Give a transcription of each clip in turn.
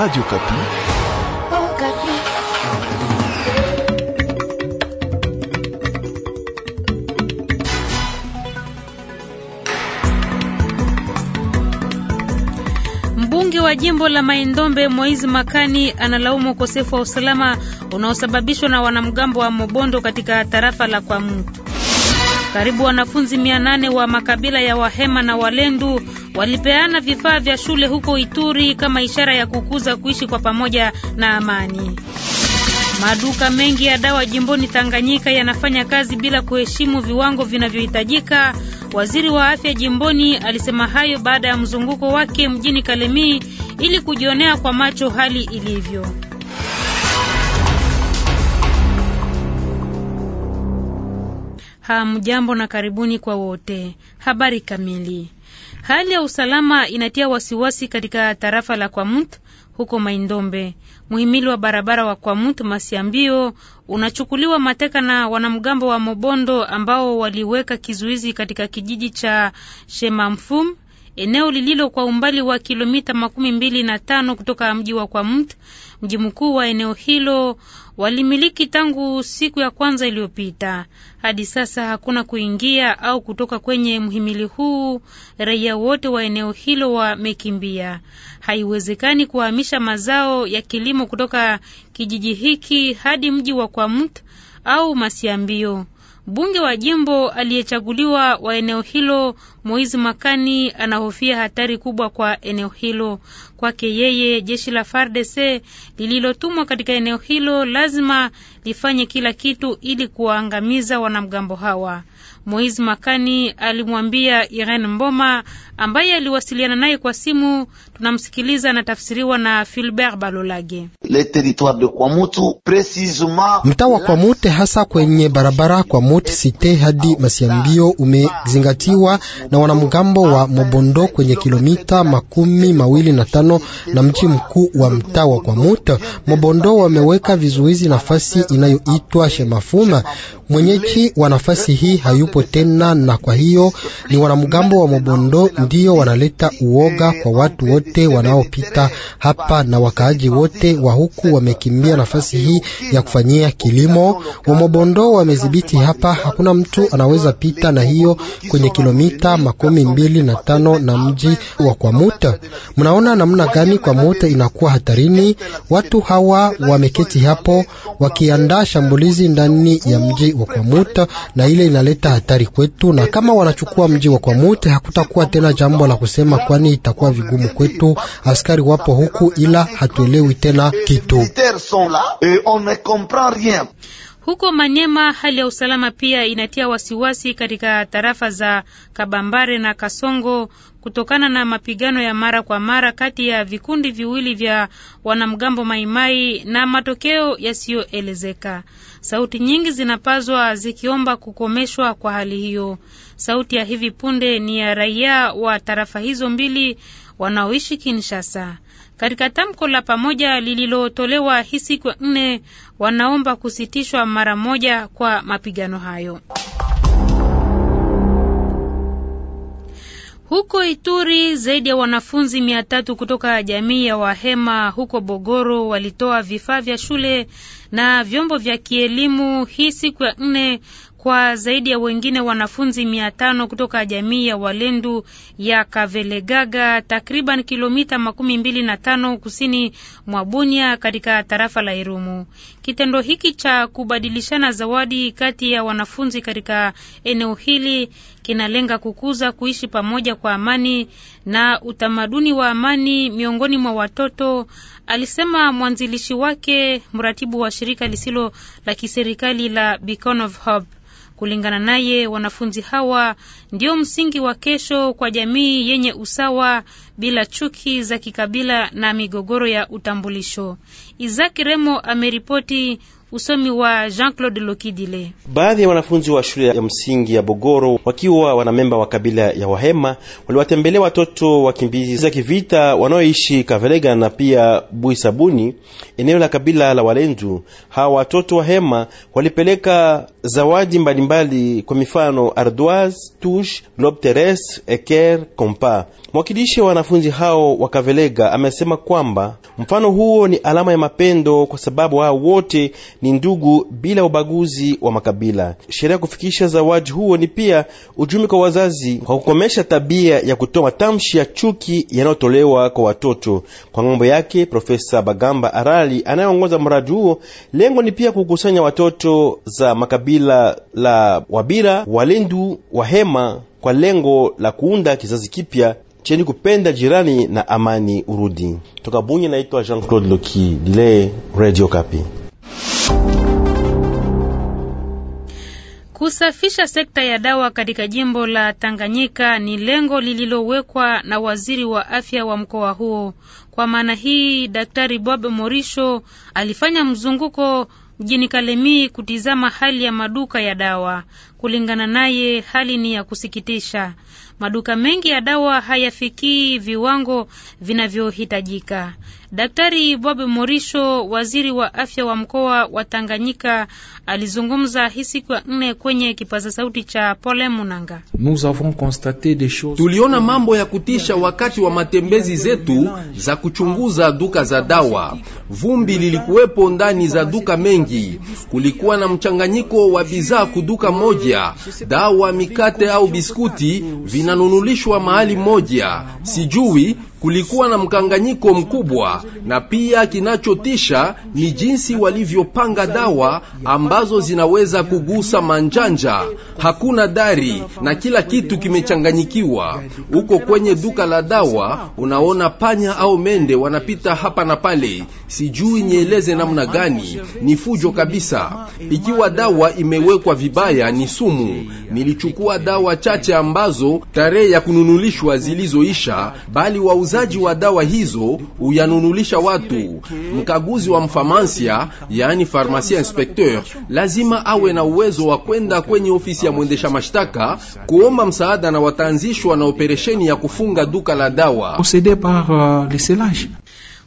Radio Okapi. Oh, Mbunge wa jimbo la Maindombe Moizi Makani analaumu ukosefu wa usalama unaosababishwa na wanamgambo wa Mobondo katika tarafa la Kwamutu. Karibu wanafunzi 800 wa makabila ya Wahema na Walendu walipeana vifaa vya shule huko Ituri kama ishara ya kukuza kuishi kwa pamoja na amani. Maduka mengi ya dawa jimboni Tanganyika yanafanya kazi bila kuheshimu viwango vinavyohitajika. Waziri wa afya jimboni alisema hayo baada ya mzunguko wake mjini Kalemie ili kujionea kwa macho hali ilivyo. Hamjambo na karibuni kwa wote. Habari kamili. Hali ya usalama inatia wasiwasi katika tarafa la Kwamut huko Maindombe. Muhimili wa barabara wa Kwamut Masiambio unachukuliwa mateka na wanamgambo wa Mobondo ambao waliweka kizuizi katika kijiji cha Shemamfum eneo lililo kwa umbali wa kilomita makumi mbili na tano kutoka mji wa Kwamt, mji mkuu wa eneo hilo, walimiliki tangu siku ya kwanza iliyopita. Hadi sasa hakuna kuingia au kutoka kwenye mhimili huu, raia wote wa eneo hilo wamekimbia. Haiwezekani kuhamisha mazao ya kilimo kutoka kijiji hiki hadi mji wa Kwamt au Masiambio. Mbunge wa jimbo aliyechaguliwa wa eneo hilo Moizi Makani anahofia hatari kubwa kwa eneo hilo. Kwake yeye, jeshi la FARDC lililotumwa katika eneo hilo lazima lifanye kila kitu ili kuwaangamiza wanamgambo hawa. Moizi Makani alimwambia Irene Mboma ambaye aliwasiliana naye kwa simu. Tunamsikiliza, anatafsiriwa na Filbert Balolage. Mtaa wa Mute, hasa kwenye barabara Mute site hadi Masiambio umezingatiwa na wanamgambo wa Mobondo kwenye kilomita makumi mawili na tano na mji mkuu wa mtaa wa Kwamut. Mobondo wameweka vizuizi nafasi inayoitwa Shemafuma. Mwenyeji wa nafasi hii hayupo tena, na kwa hiyo ni wanamgambo wa Mobondo ndio wanaleta uoga kwa watu wote wanaopita hapa, na wakaaji wote wa huku wamekimbia nafasi hii ya kufanyia kilimo. Wamobondo wamedhibiti hapa, hakuna mtu anaweza pita, na hiyo kwenye kilomita makumi mbili na tano na mji wa Kwamuta. Mnaona namna gani Kwamuta inakuwa hatarini. Watu hawa wameketi hapo wakiandaa shambulizi ndani ya mji wa muta na ile inaleta hatari kwetu, na kama wanachukua mji wa Kwamuta hakutakuwa tena jambo la kusema, kwani itakuwa vigumu kwetu. Askari wapo huku, ila hatuelewi tena kitu. Huko Manyema hali ya usalama pia inatia wasiwasi katika tarafa za Kabambare na Kasongo kutokana na mapigano ya mara kwa mara kati ya vikundi viwili vya wanamgambo Maimai na matokeo yasiyoelezeka. Sauti nyingi zinapazwa zikiomba kukomeshwa kwa hali hiyo. Sauti ya hivi punde ni ya raia wa tarafa hizo mbili wanaoishi Kinshasa. Katika tamko la pamoja lililotolewa hii siku ya nne, wanaomba kusitishwa mara moja kwa mapigano hayo. Huko Ituri zaidi ya wanafunzi mia tatu kutoka jamii ya Wahema huko Bogoro walitoa vifaa vya shule na vyombo vya kielimu hii siku ya nne kwa zaidi ya wengine wanafunzi mia tano kutoka jamii ya Walendu ya Kavelegaga, takriban kilomita makumi mbili na tano kusini mwa Bunia katika tarafa la Irumu. Kitendo hiki cha kubadilishana zawadi kati ya wanafunzi katika eneo hili kinalenga kukuza kuishi pamoja kwa amani na utamaduni wa amani miongoni mwa watoto, alisema mwanzilishi wake, mratibu wa shirika lisilo la kiserikali la Beacon of Hope. Kulingana naye, wanafunzi hawa ndio msingi wa kesho kwa jamii yenye usawa bila chuki za kikabila na migogoro ya utambulisho. Isaac Remo ameripoti. Usomi wa Jean-Claude Lokidile. Baadhi ya wanafunzi wa shule ya msingi ya Bogoro wakiwa wanamemba wa kabila ya Wahema waliwatembelea watoto wakimbizi za kivita wanaoishi Kavelega na pia Buisabuni, eneo la kabila la Walendu. Hawa watoto Wahema walipeleka zawadi mbalimbali, kwa mifano ardoise, touche, globe terrestre, eker, compas Mwakilishi wa wanafunzi hao wa Kavelega amesema kwamba mfano huo ni alama ya mapendo, kwa sababu hao wote ni ndugu bila ubaguzi wa makabila. Sheria ya kufikisha zawadi huo ni pia ujumbe kwa wazazi kwa kukomesha tabia ya kutoa matamshi ya chuki yanayotolewa kwa watoto. Kwa ng'ambo yake, Profesa Bagamba Arali anayeongoza mradi huo, lengo ni pia kukusanya watoto za makabila la Wabira, Walendu, Wahema kwa lengo la kuunda kizazi kipya cheni kupenda jirani na amani urudi. Toka Bunya naitwa Jean-Claude Loki, dile Radio Kapi. Kusafisha sekta ya dawa katika jimbo la Tanganyika ni lengo lililowekwa na waziri wa afya wa mkoa huo. Kwa maana hii, Daktari Bob Morisho alifanya mzunguko mjini Kalemie kutizama hali ya maduka ya dawa. Kulingana naye, hali ni ya kusikitisha. Maduka mengi ya dawa hayafikii viwango vinavyohitajika. Daktari Bob Morisho, waziri wa afya wa mkoa wa Tanganyika, alizungumza hii siku ya nne kwenye kipaza sauti cha Pole Munanga. Tuliona mambo ya kutisha wakati wa matembezi zetu za kuchunguza duka za dawa. Vumbi lilikuwepo ndani za duka mengi, kulikuwa na mchanganyiko wa bidhaa kuduka moja. Dawa, mikate au biskuti vinanunulishwa mahali moja, sijui Kulikuwa na mkanganyiko mkubwa, na pia kinachotisha ni jinsi walivyopanga dawa ambazo zinaweza kugusa manjanja. Hakuna dari na kila kitu kimechanganyikiwa. Uko kwenye duka la dawa, unaona panya au mende wanapita hapa na pale. Sijui nieleze namna gani, ni fujo kabisa. Ikiwa dawa imewekwa vibaya, ni sumu. Nilichukua dawa chache ambazo tarehe ya kununulishwa zilizoisha, bali wauza muuzaji wa dawa hizo uyanunulisha watu. Mkaguzi wa mfamansia, yaani farmasia inspecteur, lazima awe na uwezo wa kwenda kwenye ofisi ya mwendesha mashtaka kuomba msaada, na wataanzishwa na operesheni ya kufunga duka la dawa.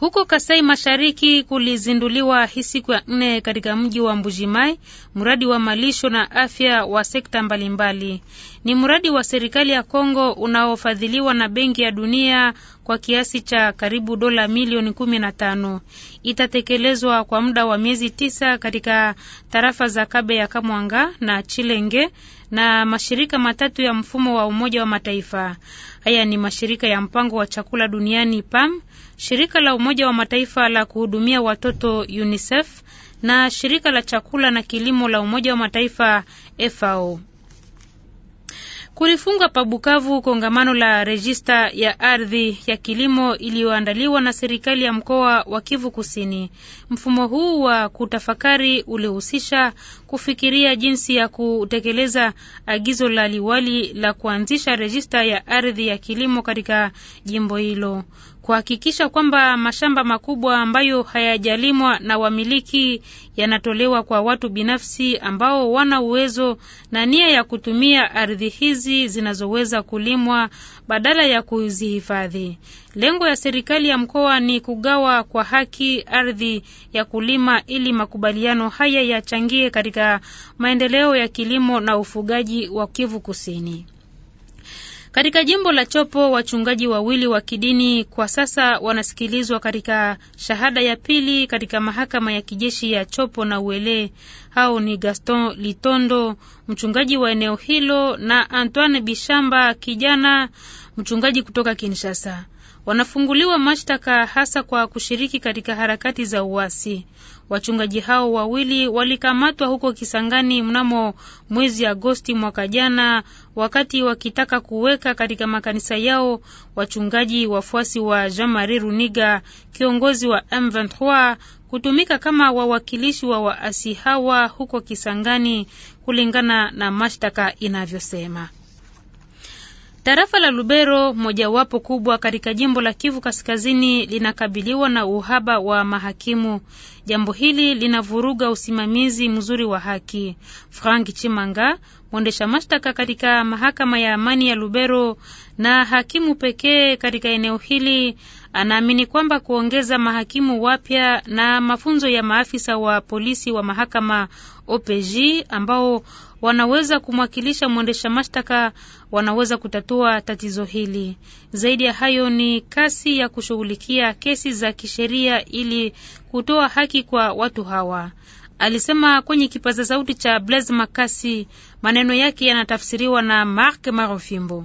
Huko Kasai Mashariki kulizinduliwa hii siku ya nne katika mji wa Mbujimai mradi wa malisho na afya wa sekta mbalimbali. Ni mradi wa serikali ya Kongo unaofadhiliwa na Benki ya Dunia kwa kiasi cha karibu dola milioni kumi na tano. Itatekelezwa kwa muda wa miezi tisa katika tarafa za Kabe ya Kamwanga na Chilenge na mashirika matatu ya mfumo wa Umoja wa Mataifa. Haya ni mashirika ya mpango wa chakula duniani PAM, shirika la Umoja wa Mataifa la kuhudumia watoto UNICEF na shirika la chakula na kilimo la Umoja wa Mataifa FAO. Kulifunga pabukavu kongamano la rejista ya ardhi ya kilimo iliyoandaliwa na serikali ya mkoa wa Kivu Kusini. Mfumo huu wa kutafakari ulihusisha kufikiria jinsi ya kutekeleza agizo la liwali la kuanzisha rejista ya ardhi ya kilimo katika jimbo hilo kuhakikisha kwamba mashamba makubwa ambayo hayajalimwa na wamiliki yanatolewa kwa watu binafsi ambao wana uwezo na nia ya kutumia ardhi hizi zinazoweza kulimwa badala ya kuzihifadhi. Lengo ya serikali ya mkoa ni kugawa kwa haki ardhi ya kulima ili makubaliano haya yachangie katika maendeleo ya kilimo na ufugaji wa Kivu Kusini. Katika jimbo la Chopo wachungaji wawili wa kidini kwa sasa wanasikilizwa katika shahada ya pili katika mahakama ya kijeshi ya Chopo na Uele. Hao ni Gaston Litondo, mchungaji wa eneo hilo, na Antoine Bishamba, kijana mchungaji kutoka Kinshasa wanafunguliwa mashtaka hasa kwa kushiriki katika harakati za uasi. Wachungaji hao wawili walikamatwa huko Kisangani mnamo mwezi Agosti mwaka jana, wakati wakitaka kuweka katika makanisa yao wachungaji wafuasi wa Jean Marie Runiga, kiongozi wa M23, kutumika kama wawakilishi wa waasi hawa huko Kisangani, kulingana na mashtaka inavyosema. Tarafa la Lubero, mojawapo kubwa katika jimbo la Kivu Kaskazini, linakabiliwa na uhaba wa mahakimu. Jambo hili linavuruga usimamizi mzuri wa haki. Frank Chimanga, mwendesha mashtaka katika mahakama ya amani ya Lubero na hakimu pekee katika eneo hili, anaamini kwamba kuongeza mahakimu wapya na mafunzo ya maafisa wa polisi wa mahakama OPJ ambao wanaweza kumwakilisha mwendesha mashtaka wanaweza kutatua tatizo hili. Zaidi ya hayo ni kasi ya kushughulikia kesi za kisheria ili kutoa haki kwa watu hawa, alisema kwenye kipaza sauti cha Blaise Makasi, Maneno yake yanatafsiriwa na Mark Marofimbo.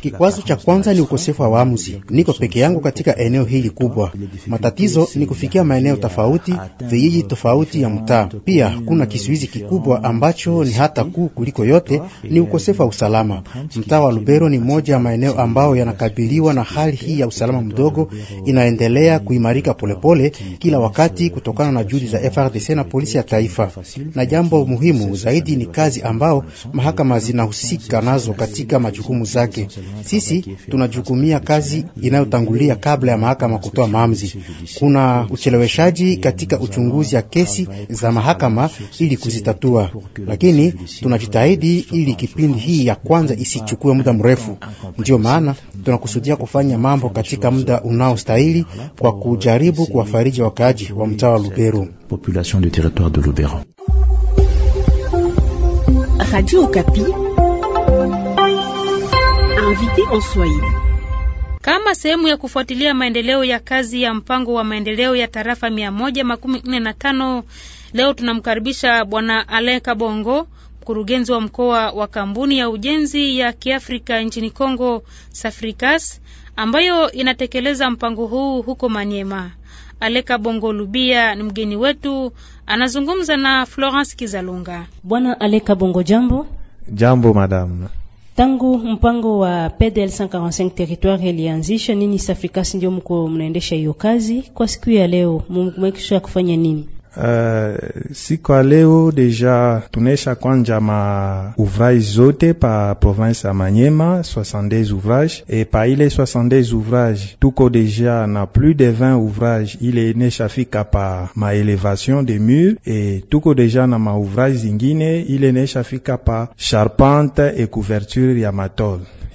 Kikwazo cha kwanza ni ukosefu wa waamuzi. Niko peke yangu katika eneo hili kubwa. Matatizo ni kufikia maeneo tofauti, vijiji tofauti ya mtaa. Pia kuna kisuizi kikubwa ambacho ni hata kuu kuliko yote ni ukosefu wa usalama. Mtaa wa Lubero ni moja ya maeneo ambayo yanakabiliwa na hali hii ya usalama mdogo, inaendelea kuimarika polepole pole, kila wakati kutokana na juhudi za FRDC na polisi ya taifa na jambo muhimu muhimu zaidi ni kazi ambao mahakama zinahusika nazo katika majukumu zake. Sisi tunajukumia kazi inayotangulia kabla ya mahakama kutoa maamuzi. Kuna ucheleweshaji katika uchunguzi ya kesi za mahakama ili kuzitatua, lakini tunajitahidi ili kipindi hii ya kwanza isichukue muda mrefu. Ndiyo maana tunakusudia kufanya mambo katika muda unaostahili kwa kujaribu kuwafariji wakaaji wa mtaa wa Lubero. Radio Okapi invité en Swahili. Kama sehemu ya kufuatilia maendeleo ya kazi ya mpango wa maendeleo ya tarafa 145 leo tunamkaribisha Bwana Alain Kabongo Mkurugenzi wa mkoa wa kampuni ya ujenzi ya Kiafrika nchini congo Safricas, ambayo inatekeleza mpango huu huko Maniema. Aleka Bongo Lubia ni mgeni wetu, anazungumza na Florence Kizalunga. Bwana Aleka Bongo, jambo. Jambo madam. Tangu mpango wa PDL 145 territoire ilianzisha nini, safrikas ndio mko mnaendesha hiyo kazi? Kwa siku ya leo mumekisha kufanya nini? Euh, si déjà, leo deja tunesha kwanja ma ouvrage zote pa province ya Manyema 72 ouvrages. Et pa ile 72 ouvrage tuko déjà na plus de 20 ouvrage ile inesha fika pa ma elevation de mur e tuko deja na ma ouvrage zingine ile inesha fika pa charpente et couverture ya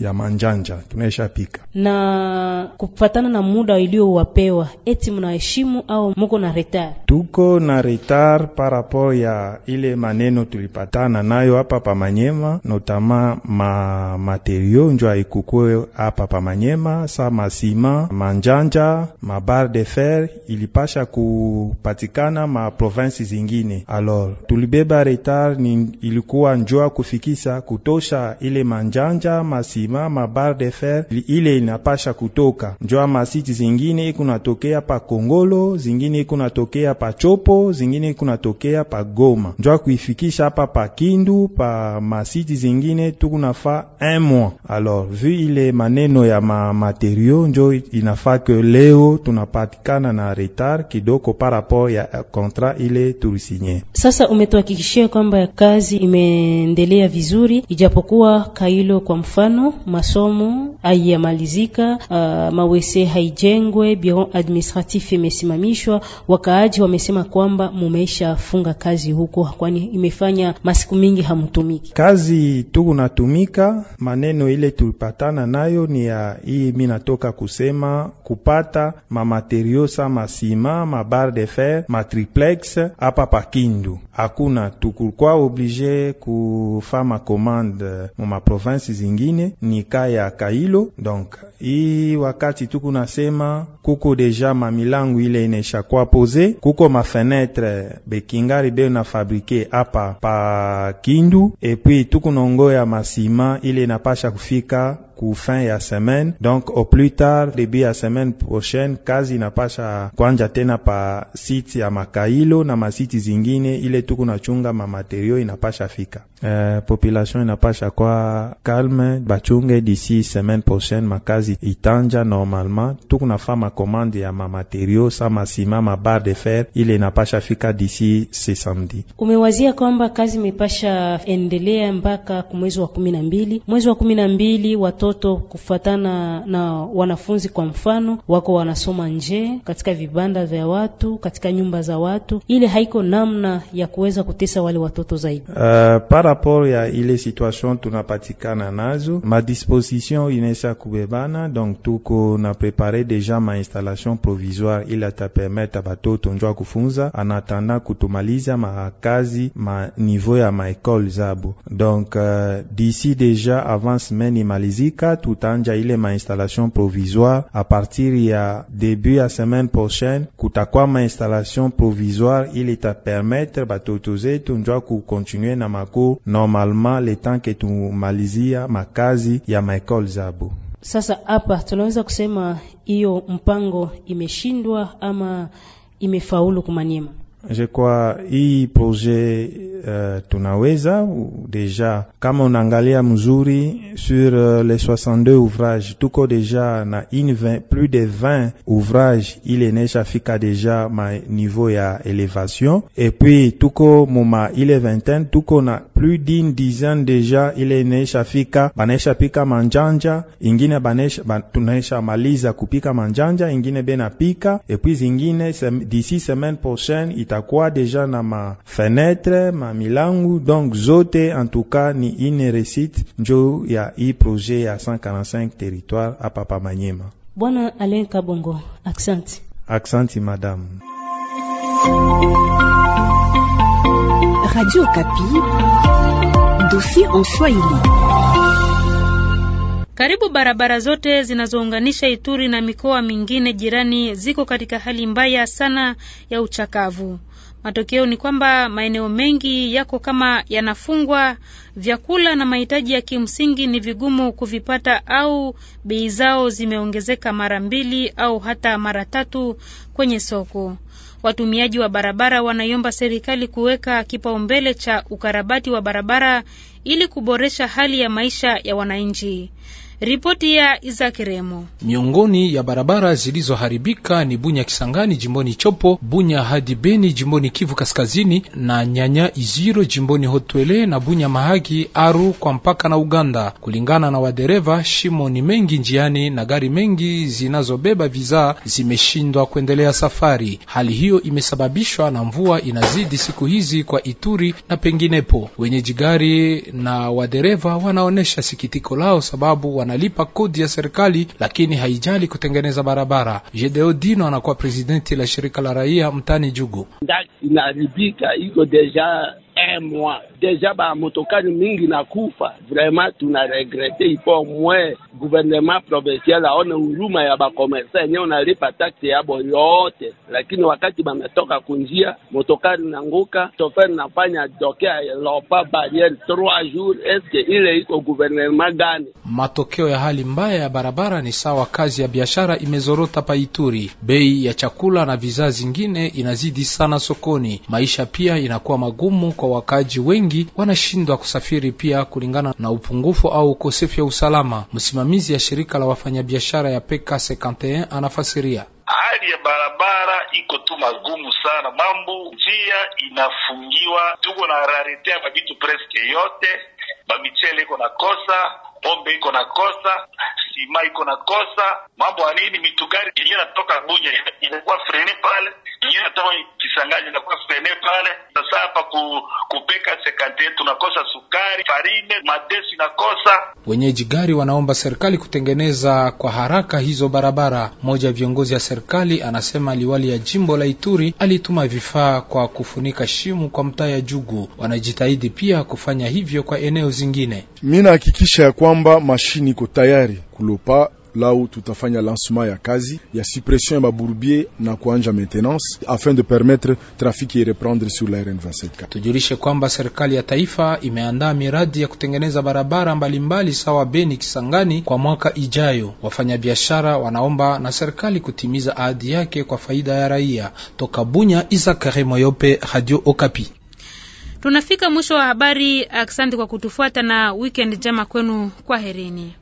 ya manjanja tunaishapika. Na kufatana na muda iliyowapewa, eti mnaheshimu au muko na retar Tuko na retard parapo ya ile maneno tulipatana nayo hapa pa Manyema, notama ma materio njo aikukwe hapa pa Manyema, sa masima manjanja mabar de fer ilipasha kupatikana ma provinsi zingine. Alor tulibeba retar ni ilikuwa njoa kufikisa kutosha ile manjanja masima kulimama bar de fer ile inapasha kutoka njo ama zingine ikunatokea pa Kongolo, zingine ikunatokea pa Chopo, zingine ikunatokea pa Goma, njo kuifikisha hapa pa Kindu pa masiti zingine tukunafa un mois. Alors vu ile maneno ya ma materio njo inafaa ke leo tunapatikana na retard kidoko par rapport ya eh, contrat ile tulisinye. Sasa umetuhakikishia kwamba kazi imeendelea vizuri, ijapokuwa Kailo kwa mfano masomo haiyamalizika, uh, mawese haijengwe, biro administratif imesimamishwa. Wakaaji wamesema kwamba mumeshafunga kazi huko, kwani imefanya masiku mingi hamtumiki kazi. Tukunatumika maneno ile tulipatana nayo ni ya hii, mi natoka kusema kupata mamaterio sa masima mabar de fer matriplex hapa Pakindu hakuna, tukukwa oblige kufama komande uh, mu maprovinsi zingine ni kaya Kailo. Donc hii wakati tuku nasema kuko deja mamilangu ile inesha kwa pose, kuko mafenetre bekingari be na fabrike apa pa Kindu, epwi tuku nongo ya masima ile inapasha kufika ku fin ya semaine, donc au plus tard début ya semaine prochaine kazi inapasha kwanja tena pa site ya Makailo na masiti zingine, ile tuku na nachunga mamaterio inapasha fika. Uh, population inapasha kwa calme, bachunge d'ici semaine prochaine makazi itanja normalement, tuku nafa makomande ya mamaterio sa masima mabar de fer, ile inapasha fika d'ici ce samedi. Umewazia kwamba kazi imepasha endelea mpaka kumwezi wa kumi na mbili mwezi wa kumi na mbili watoto watoto kufatana na wanafunzi. Kwa mfano, wako wanasoma nje katika vibanda vya watu, katika nyumba za watu, ile haiko namna ya kuweza kutesa wale watoto zaidi. Uh, par rapport ya ile situation tunapatikana nazo, ma disposition inaisha kubebana, donc tuko na prepare deja ma installation provisoire ili atapermeta batoto njwa kufunza anatanda kutumaliza makazi ma niveau ya maekole zabo, donc uh, d'ici deja avant semaine imalizika Afrika tutaanja ile mainstallation provisoire a partir ya début ya semaine prochaine. kutakwa mainstallation provisoire ili tapermettre batoto zetu njwa kukontinue na mako normalement le temps ke tumalizia makazi ya maekole zabo. Sasa hapa tunaweza kusema hiyo mpango imeshindwa ama imefaulu kumanyema? Je a hii projet uh, tunaweza deja kama unaangalia mzuri sur euh, les 62 ouvrages tuko déjà na 20, plus de 20 ouvrages ile né fika déjà ma niveau ya elevation et puis tuko il ile vingtaine tuko a plus d'une dizaine deja ile nesha fika banesha pika manjanja ingine banesha ban, tunaisha maliza kupika manjanja ingine pika et puis ingine sem, d'ici semaine prochaine à deja na dans ma milangu. Donc zote en tout cas ni ine jo ya i projet à 145 territoire à Papa Manyema. Bwana Alain Kabongo, Accent. Aksanti madame. Radio Kapi, dossier en Swahili. Karibu barabara zote zinazounganisha Ituri na mikoa mingine jirani ziko katika hali mbaya sana ya uchakavu. Matokeo ni kwamba maeneo mengi yako kama yanafungwa, vyakula na mahitaji ya kimsingi ni vigumu kuvipata au bei zao zimeongezeka mara mbili au hata mara tatu kwenye soko. Watumiaji wa barabara wanaiomba serikali kuweka kipaumbele cha ukarabati wa barabara ili kuboresha hali ya maisha ya wananchi. Ripoti ya Isaac Remo. Miongoni ya barabara zilizoharibika ni Bunya Kisangani jimboni Chopo, Bunya hadi Beni jimboni Kivu Kaskazini, na Nyanya Iziro jimboni Hotwele na Bunya Mahagi Aru kwa mpaka na Uganda. Kulingana na wadereva, shimo ni mengi njiani na gari mengi zinazobeba vizaa zimeshindwa kuendelea safari. Hali hiyo imesababishwa na mvua inazidi siku hizi kwa Ituri na penginepo. Wenyeji gari na wadereva wanaonyesha sikitiko lao sababu wanalipa kodi ya serikali, lakini haijali kutengeneza barabara. Jedeo Dino anakuwa presidenti la shirika la raia mtani Jugu. inaharibika iko deja un mois. Deja ba motokari mingi nakufa, vraiment tuna regrete. Ipo mwe gouvernement provincial aone huruma ya bakomersa enyewe unalipa taksi yabo yote, lakini wakati banatoka kunjia motokari nanguka, sofer nafanya dokea lopa barriere trois jours. Eske ile iko gouvernement gani? Matokeo ya hali mbaya ya barabara ni sawa, kazi ya biashara imezorota paituri, bei ya chakula na bidhaa zingine inazidi sana sokoni, maisha pia inakuwa magumu kwa wakaaji wengi wanashindwa kusafiri, pia kulingana na upungufu au ukosefu ya usalama. Msimamizi ya shirika la wafanyabiashara ya PK 51 anafasiria hali ya barabara iko tu magumu sana, mambo njia inafungiwa, tuko na rarete ya mabitu preske yote, bamichele iko na kosa, pombe iko na kosa sima iko na kosa mambo ya nini, mitu gari yenyewe natoka Bunya inakuwa frene pale, yenyewe natoka Kisangani inakuwa frene pale. Sasa hapa ku, kupeka sekante tunakosa sukari, farine, madesi nakosa. Wenyeji gari wanaomba serikali kutengeneza kwa haraka hizo barabara. Mmoja ya viongozi ya serikali anasema liwali ya jimbo la Ituri alituma vifaa kwa kufunika shimu kwa mtaa ya Jugu. Wanajitahidi pia kufanya hivyo kwa eneo zingine. Mimi nahakikisha ya kwamba mashini iko tayari Kulopa lao tutafanya lancement ya kazi ya suppression ya maburubie na kuanja maintenance afin de permettre trafic y reprendre sur la rn 27 Tujulishe kwamba serikali ya taifa imeandaa miradi ya kutengeneza barabara mbalimbali mbali sawa Beni Kisangani kwa mwaka ijayo. Wafanyabiashara wanaomba na serikali kutimiza ahadi yake kwa faida ya raia. Toka Bunya, Isakare Moyope, Radio Okapi. Tunafika mwisho wa habari. Asante kwa kutufuata na weekend njema kwenu, kwa herini.